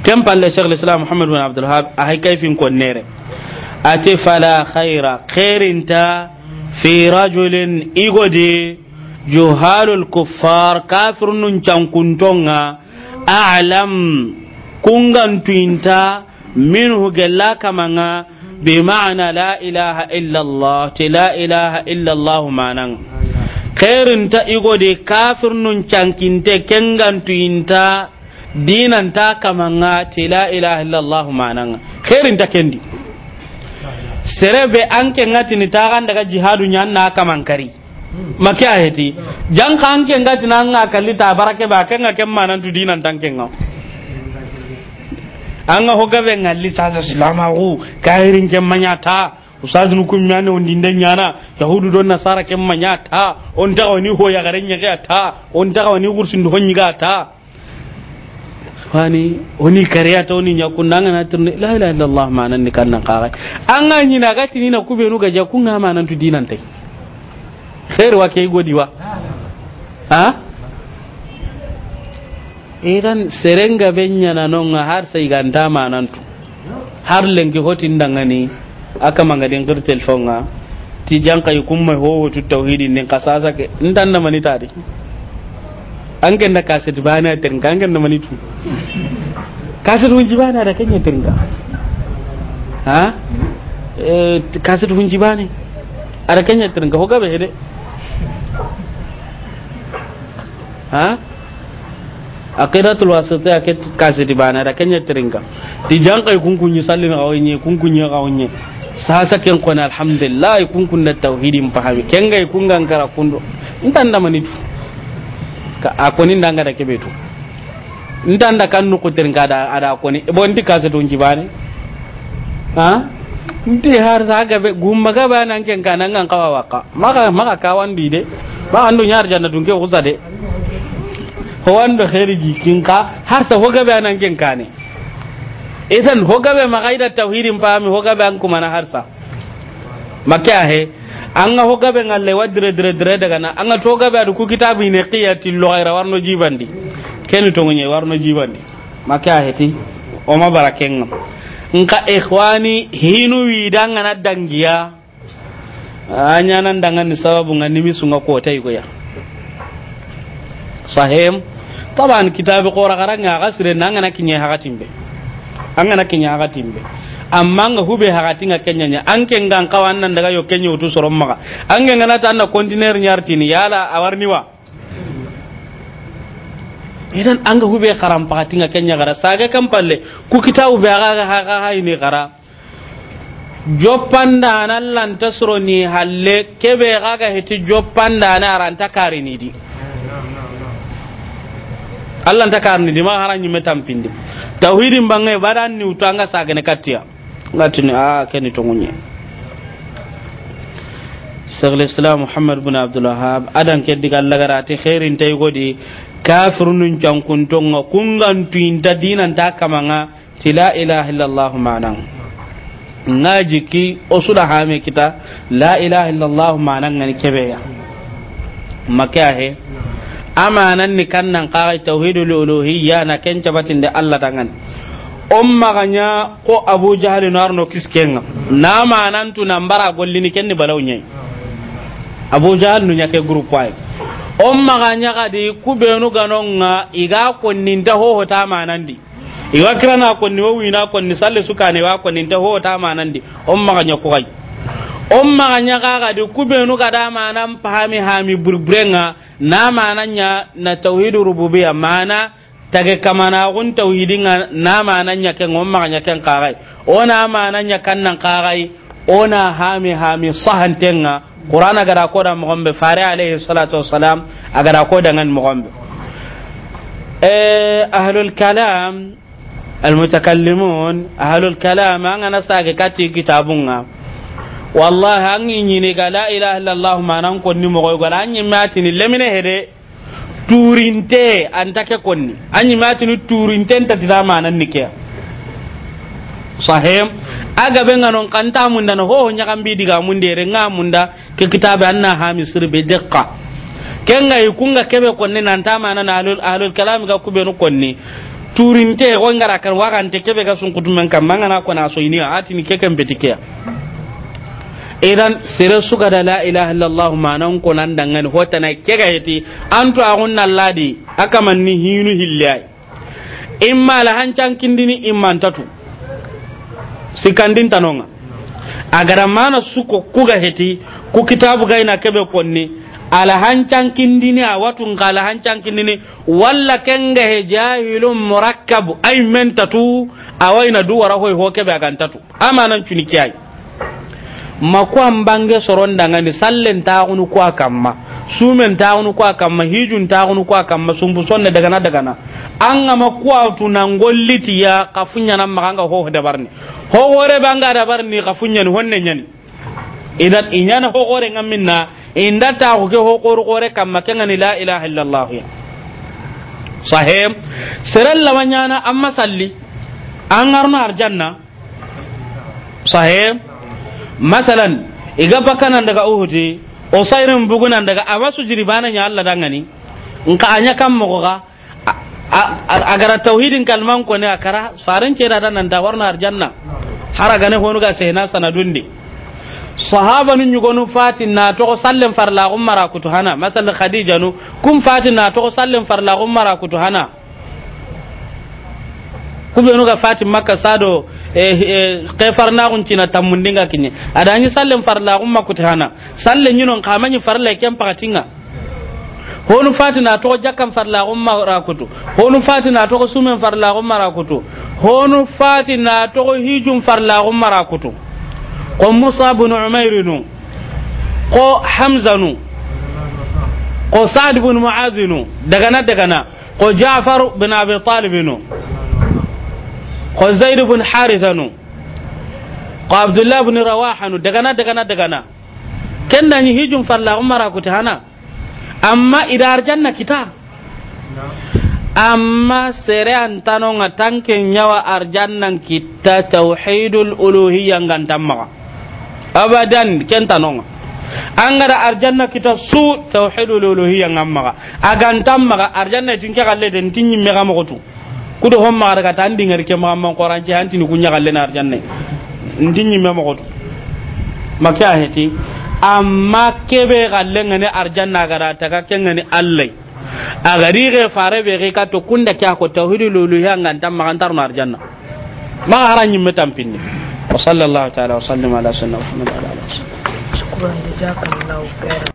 kan palle shekh alislam muhammad bin abdul hab a haykaifin konnere ate fala khaira khairin ta fi rajulin igodi juhalul kuffar kafirun chankuntonga kungan tuinta min hu gelaka manga bi ma'ana la ilaha illa allah ta la ilaha illa allah manan khairin ta igodi kafirun chankinte kengan tuinta dinan ta kamanga ti la ilaha illallah mananga khairin ta kendi serebe anke ngati ni ta ganda ga jihadu nyan na kamankari maki a heti jan ka anke ngati na nga kalli ta barake ba kan ga ken manan tu dinan tanke nga an ga hogabe ngalli ta sa silama ru khairin ken manyata ustaz nu kum nyane on dinde nyana yahudu don nasara ken manyata on ta wani ho ya garen nya ta on ta wani gursin do hon nyiga ta wani oni kariya ta oni nyakunda na na tirni la ilaha illallah manan ni kannan kaga an ga ni na gati ni na kube nu ga ja kun ga manan tu dinan tai sai wa kai godi wa ha idan serenga benya na nonga har sai ga nda manan tu har lengi hotin dangani aka mangadin girtel fonga ti jankai kumma ho tu tauhidin ne kasasa ke ndan na mani tare an ganna kaset bana tirinka an ganna manitu kaset hunji bana da kanya tirinka ha eh, kaset hunji bane ada kanya tirinka ko gaba hede ha aqidatul wasitiya ke kaset bana da kanya tirinka di jankai yi sallin awenye kunkunyi awenye sasa ken kona alhamdulillah kun kunna tauhidin fahami ken gai kun gankara kundo intan da manitu a koni ndanga da kebe to ntanda kan nuku kutir ka da ada koni bo ndi kaza to bani ha nti har za ga be gumma ga bana ken kanan kan kawa waka maka maka ka wandi de ba andu nyar janna dun ke kusa de ho wando khairi gi kinka har sa ga be anan ken kane idan ga be magaida tauhidin ho ga be an kuma na har sa makya he an ga hogabe ngalle wa dire dire dire daga na an ga to gabe adu ku kitabu ne qiyati lughaira warno jibandi ken to ngunye warno jibandi maka heti o ma baraken nka ikhwani hinu widanga na dangiya anya nan dangan ni sababu ngani mi sunga ko tay ko ya sahem taban kitabu qora garanga gasire nan ngana kinye hakatimbe an ngana kinye hakatimbe amma nga hube hakati nga kenyanya anke nga kawan nan daga yo kenya utu soron maka anke nga nata anna kontiner tini yala awarniwa idan anga hube karam pakati nga kenya gara saga kan palle ku kita hube aga aga haini gara joppanda nan lanta soro ni halle kebe aga heti joppanda na ranta karini di Allah ta karni di ma haran yi metampindi tauhidin bangai baran ni utanga sagane katiya ngati ngatini a ah, keni ngunye sagle islam muhammad bin abdul wahab adan ke diga lagara ti khairin tay godi kafirun nun cankun tonga kungan tuinta dinan ta kamanga ti la ilaha illallah manan ngaji ki osula hame kita la ilaha illallah manan ngani kebe ya makya he amanan ni kannan qara tauhidul uluhiyya na ken cabatin da allah dangan umma ganya ko abu jahal no arno kiskenga na manantu na mbara gollini kenni balaw nyai abu jahal nu nyake group ay umma ganya gadi kubenu ganonga iga konninta ho hota di, iga kirana konni wo wina konni salle suka ne wa konninta ho hota di, umma ganya ko kai umma ganya gadi kubenu gada manan pahami hami burburenga na nya na tauhidur rububiyya mana tage kamana gun tauhidin na manan yake ngon on ma nya ken qarai ona mana nya kan nan na ona hami hami sahantenga qur'ana gara ko da mogombe fare alaihi salatu wassalam agara ko da ngan mogombe eh ahlul kalam المتكلمون أهل الكلام أنا ساق كاتي كتابنا والله أني نيني لا إله إلا الله ما نكون نمغوي ولا أني ماتني لمن هدي turinte anta ke konni anyi matini turinte ta tida nan ni ke sahem aga be non kanta mun dana ho nya kan bi diga mun dere nga mun da ke kitabe anna ha misir be daqqa ken ga kunga kebe konni nan ta manan alul alul kalam ga kube no konni turinte ko ngara kan waga ante kebe ga sun kutumen kan mangana ko na so ini atini ke kan betike idan sira suka da la ilaha illallah manan ko nan dangan hota na kega yati a gunna ladi aka manni hinu hillai imma la hancan kindini imman tatu sikandin tanonga agara mana suko kuga heti ku kitabu gaina kebe konni ala hancan kindini a watu ngala hancan kindini walla kenga he jahilun murakkab ay mentatu awaina duwara hoy hokebe agantatu amanan cunikiyai ma an bange soron dangani sallen taxunu kuwaa kamma suumen taxunu kuwaa a kamma hijun taxunu kuwaa kamma sumbu sumbusonne dagana dagana an gama kuwatu nangollitiya kafunyanan maga anga hoho dabarni hohorebe anga dabarni kafunyani honne nyani idan inyana hohore nga minna inda taxu ke hohorukore kamma kengani la ilaha illallah ya sahem seren lama nyana amma salli an garno arjanna sahem masalan iga bakanan daga uhuji osairin bugunan daga awasu jiribana nya Allah dangani ka anya kan mu ga agara tauhidin kalman ko ne akara sarin ce da nan da warna arjanna har ne honu ga sai na sanadun di sahaba nun yugo nu fatin na to sallen farla ummara kutu hana masal khadija nu kun fatin na to sallen farla ummara kutu hana kubenu ga fatin makka sado Eh, eh, ke farlaxun cina tammundinga ada ni sallen farlaxun makkuti hana salle ñinon xamañi farla ken pakatinga honu fatina toxo jakkan farlaxun mara kutu honu fatina toxo sumen farlaxun mara kutu honu fatina toxo hijum farlaxun mara kutu ko musa bnu umairi ko hamzanu ko sad bnu muadi nu dagana dagana ko jafar bin abi talibinu ko zaid ibn haritha nu ko abdullah ibn rawaha nu daga na daga na daga na ken da ni hijum falla umara ku ta hana amma idar janna kita amma sere an tano nga tanke nyawa arjannan kita tauhidul uluhiyya ngan tamma abadan ken tano nga an gara arjanna kita su tauhidul uluhiyya ngan maga agan tamma arjanna tinke galle den tinni mega mo kudo hom magara kata andi ngari ke mamma qoran ci anti ni kunya galle na arjanne ndin nyi me mogoto makya heti amma kebe galle ngane arjanna gara ta ka kengani allai a gari ge fare be ge ka to kunda kya ko tauhidul uluhiyya ngan tam magan tar na arjanna ma haran nyi me tampinni wa sallallahu ta'ala wa sallama ala sayyidina muhammad wa ala alihi wa sahbihi